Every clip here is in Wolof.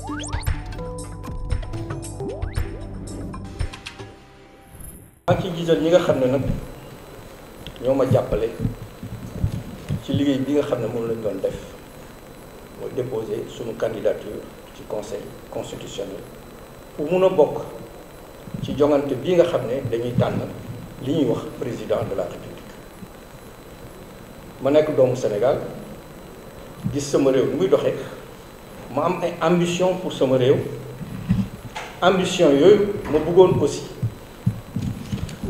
maa ngi ciy jiital ñi nga xam ne nag ñoo ma jàppale ci liggéey bi nga xam ne moom lañ doon def mooy déposer sunu candidature ci conseil constitutionnel pour mun a bokk ci jongante bi nga xam ne dañuy tànn li ñuy wax président de la république ma nekk doomu Sénégal gis sama réew ni muy doxee. ma am ay ambition pour sama réew ambition yooyu ma bëggoon aussi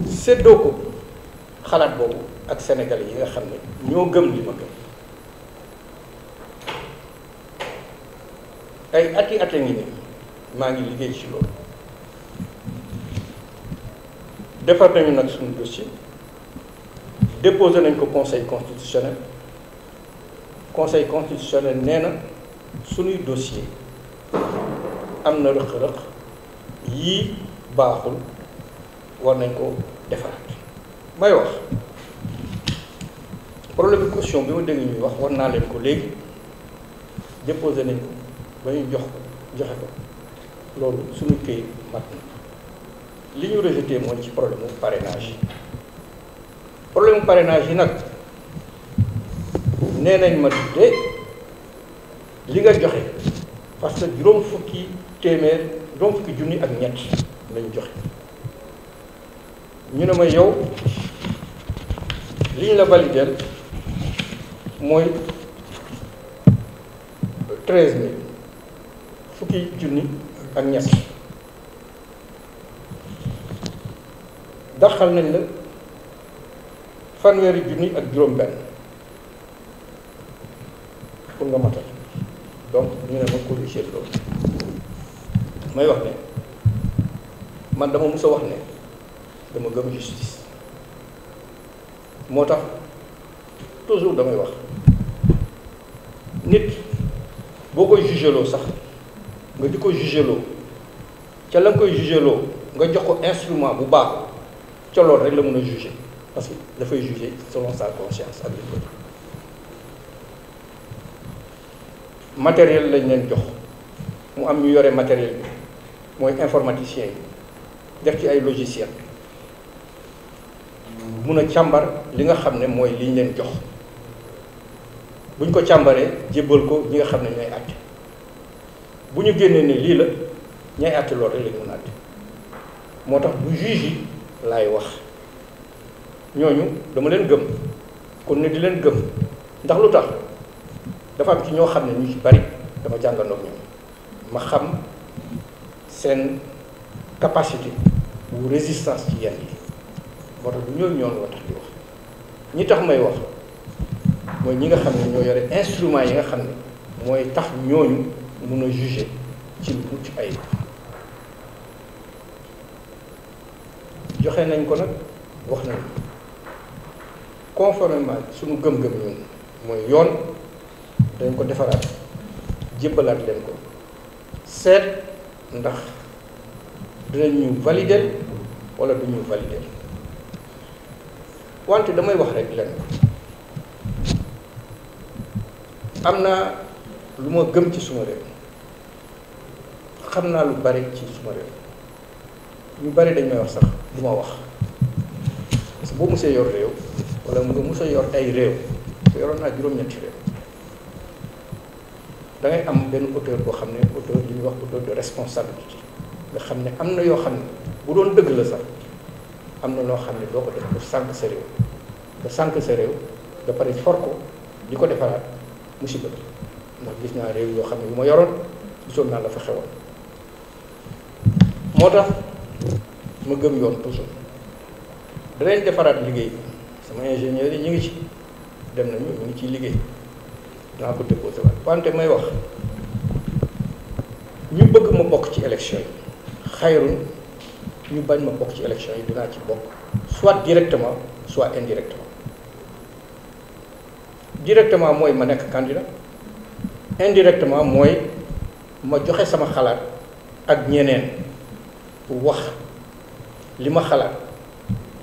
séddoo ko xalaat boobu ak sénégal yi nga xam ne ñoo gëm li ma gëm ay ati ati ngi ne maa ngi liggéey ci loolu defar nañu nag suñu dossier déposé nañ ko conseil constitutionnel conseil constitutionnel nee na suñuy dossier am na rëq-rëq yii baaxul war nañ ko defaraat may wax problème caution bi ma dégg ñuy wax war naa leen ko léegi déposé nañ ko ba ñu jox ko joxe ko loolu suñu këyit mat na li ñu rejeté mooy ci problème mu parrainage yi problème mu yi nag nee nañ ma de li nga joxe parce que juróom fukki téeméer juróom fukki junni ak ñett lañu joxe ñu ne ma yow li ñu la valideel mooy treize mille fukki junni ak ñett daxal nañ la fanweeri junni ak juróom benn pour nga matal donc ñu ne ko corriger loolu may wax ne man dama mus a wax ne dama gëm justice moo tax toujours damay wax nit boo koy jugeloo sax nga di ko jugeloo ca la koy jugeloo nga jox ko instrument bu baax ca loolu rek la mën a juger parce que dafay juger selon sa conscience ak li matériel lañ leen jox mu am ñu yore matériel mooy informaticien yi def ci ay logiciel mun a càmbar li nga xam ne mooy liñ leen jox bu ñu ko càmbaree jébbal ko ñi nga xam ne ñooy àtte bu ñu génnee ne lii la ñay àtte loolu rek lañ mun a moo tax bu juge yi laay wax ñooñu dama leen gëm kon ne di leen gëm ndax lu tax dafa am ci ñoo xam ne ñu ci bari dama jàngandoo ak ñoom ma xam seen capacité wu résistance ci yenn yi moo tax ñooñu ñoon wa tax di wax ñi tax may wax mooy ñi nga xam ne ñoo yore instrument yi nga xam ne mooy tax ñooñu mun a juger ci lu mucc joxe nañ ko nag wax nañ conformément suñu gëm-gëm ñun mooy yoon dañ ko defaraat jébbalaat leen ko seet ndax dinañ ñu valider wala du ñu valider wante damay wax rek leen am naa lu ma gëm ci suma réew xam naa lu bare ci suma réew ñu bari dañ may wax sax du ma wax parce boo mosee yor réew wala nga mos a yor ay réew te yoroon naa juróom-ñetti réew dangay ngay am benn auteur boo xam ne auteur li ñuy wax auteur de responsabilité nga xam ne am na yoo xam ne bu doon dëgg la sax am na loo xam ne doo ko def pour sànq sa réew nga sànq sa réew ba pare for ko di ko defaraat musiba bi ndax gis naa réew yoo xam ne yu ma yoroon gisoon naa la fa xewoon moo tax ma gëm yoon toujours danañ defaraat liggéey sama ingénieur yi ñu ngi ci dem nañu ñu ngi ciy liggéey danaa ko déposé waat wante may wax ñu bëgg ma bokk ci élection yi xayrun ñu bañ ma bokk ci élection yi dinaa ci bokk soit directement soit indirectement directement mooy ma nekk candidat indirectement mooy ma joxe sama xalaat ak ñeneen wax li ma xalaat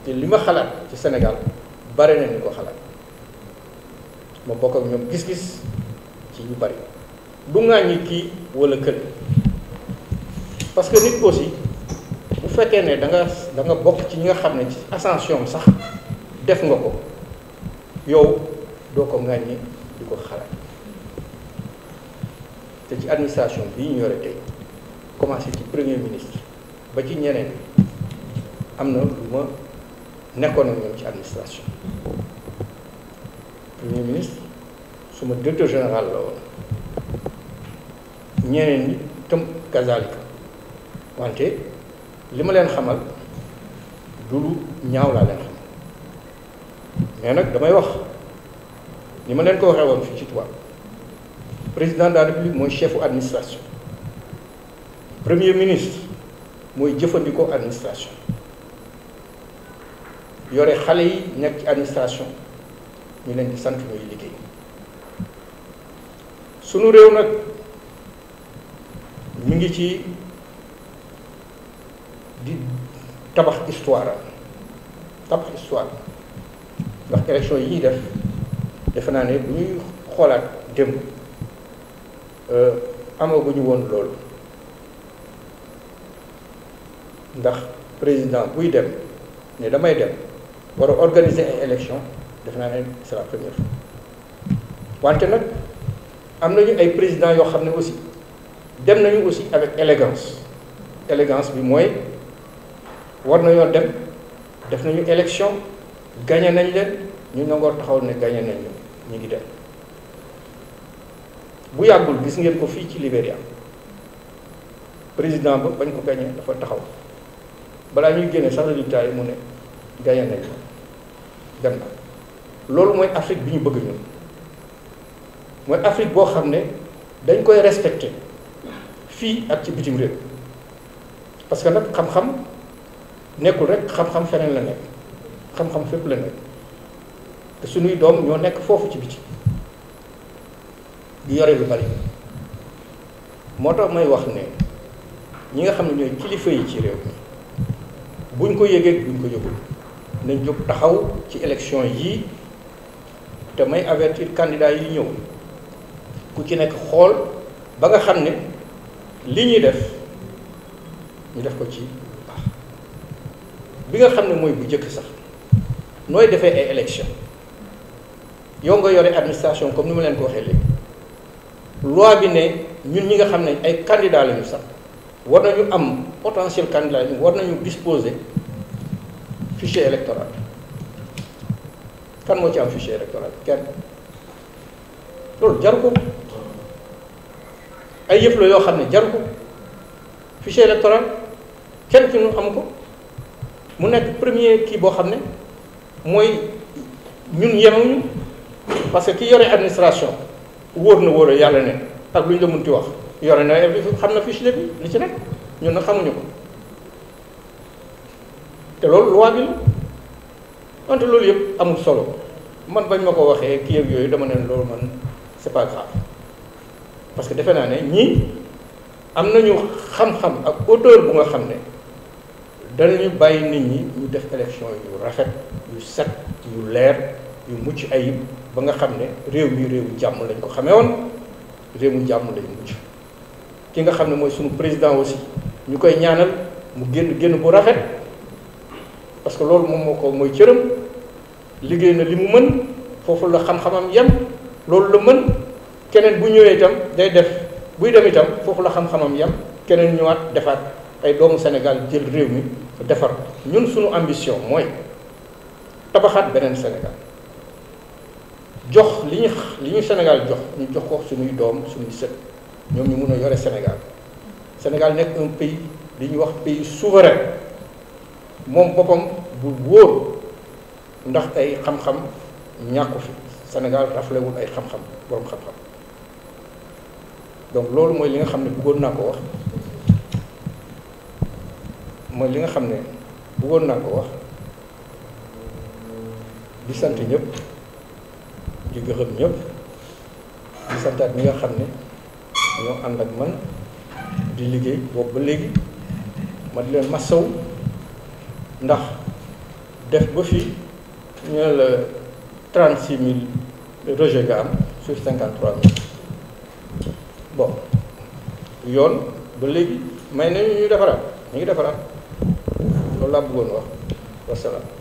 te li ma xalaat ci Sénégal bare na ko xalaat ma bokk ñoom gis-gis ci ñu bari du ŋàññi kii wala kër parce que nit aussi bu fekkee ne da nga da bokk ci ñi nga xam ne ci ascension sax def nga ko yow doo ko ŋàññi di ko xalaat te ci administration bii ñu yore tey commencé ci premier ministre ba ci ñeneen am na lu ma nekkoon ak ñoom ci administration premier ministre suma directeur général la woon ñeneen ñi tam kazalika wante li ma leen xamal du ñaaw laa leen xamal mais nag damay wax ni ma leen ko waxee woon fii ci tubaab président de république mooy chefu administration premier ministre mooy jëfandikoo administration yore xale yi nekk administration ñu leen di sant ñooy liggéey sunu réew nag ñu ngi ci di tabax histoire tabax histoire ndax élection yi ñuy def defe naa ne bu ñuy xoolaat démb euh, amaguñu woon loolu ndax président buy dem ne damay dem war a organiser ay élection def naa ne c'est la première fois wante nag am nañu ay présidents yoo xam ne aussi dem nañu aussi avec élégance élégance bi mooy war na nañoo dem def nañu élection gagné nañ leen ñu nangoo taxaw ne gagné nañ leen ñu ngi dem bu yàggul gis ngeen ko fii ci Libéria président ba bañ ko gagné dafa taxaw balaa ñuy génne sax résultat yi mu ne gagné nañ dem na loolu mooy Afrique bi ñu bëgg ñun mooy Afrique boo xam ne dañ koy respecté fii ak ci bitim réew parce que nag xam-xam nekkul rek xam-xam feneen la nekk xam-xam fépp la nekk te suñuy doom ñoo nekk foofu ci biti di yore lu bari moo tax may wax ne ñi nga xam ne ñooy kilifa yi ci réew mi buñ ko yëgee buñ ko yëgul nañ jóg taxaw ci élection yii te may avertir candidat yi ñëw ku ci nekk xool ba nga xam ne li ñuy def ñu def ko ci bi nga xam ne mooy bu jëkk sax nooy defee ay élection yow nga yore administration comme ni ma leen ko waxee léegi loi bi ne ñun ñi nga xam ne ay candidat lañu sax war nañu am potentiel candidat lañu war nañu disposer fichier électoral kan moo ci am fichier électoral kenn loolu jaru ko ay yëf la yoo xam ne jaru ko fichier électoral kenn ci ñun amu ko mu nekk premier kii boo xam ne mooy ñun yemuñu parce que ki yore administration wóor na wóor yàlla ne ak lu ñu la munti wax yore na xam na fichier bi lu ci nekk ñun na xamuñu ko te loolu loi bi la wante loolu yëpp amul solo man bañ ma ko waxee kii yooyu dama ne loolu man c'est pas grave parce que defe naa ne ñii am nañu xam-xam ak auteur bu nga xam ne dañuy bàyyi nit ñi ñu def élection yu rafet yu set yu leer yu mucc ayib ba nga xam ne réew mi réewu jàmm lañ ko xamee woon réew mu jàmm lañ mucc ki nga xam ne mooy sunu président aussi ñu koy ñaanal mu génn génn bu rafet. parce que loolu moom moo ko mooy cëram liggéey na li mu mën foofu la xam-xamam yem loolu la mën keneen bu ñëwee itam day def buy dem itam foofu la xam-xamam yem keneen ñëwaat defaat ay doomu Sénégal jël réew mi defar ñun suñu ambition mooy tabaxaat beneen Sénégal jox li ñu li ñu Sénégal jox ñu jox ko suñuy doom suñuy set ñoom ñu mun a yore Sénégal Sénégal nekk un pays li ñuy wax pays souverain moom boppam bu wóor ndax ay xam-xam ñàkku fi Sénégal raflewul ay xam-xam borom xam-xam donc loolu mooy li nga xam ne bëggoon naa ko wax mooy li nga xam ne bëggoon naa ko wax di sant ñëpp di gërëm ñépp di santaat ñi nga xam ne ñoo ànd ak man di liggéey boobu ba léegi ma di leen masaw ndax def ba fii ñu ne la trente six mille rejet nga am sur cinquante trois mille bon yoon ba léegi may nañu ñu defaraat ñu ngi defaraat loolu laa bëggoon wax wasalaam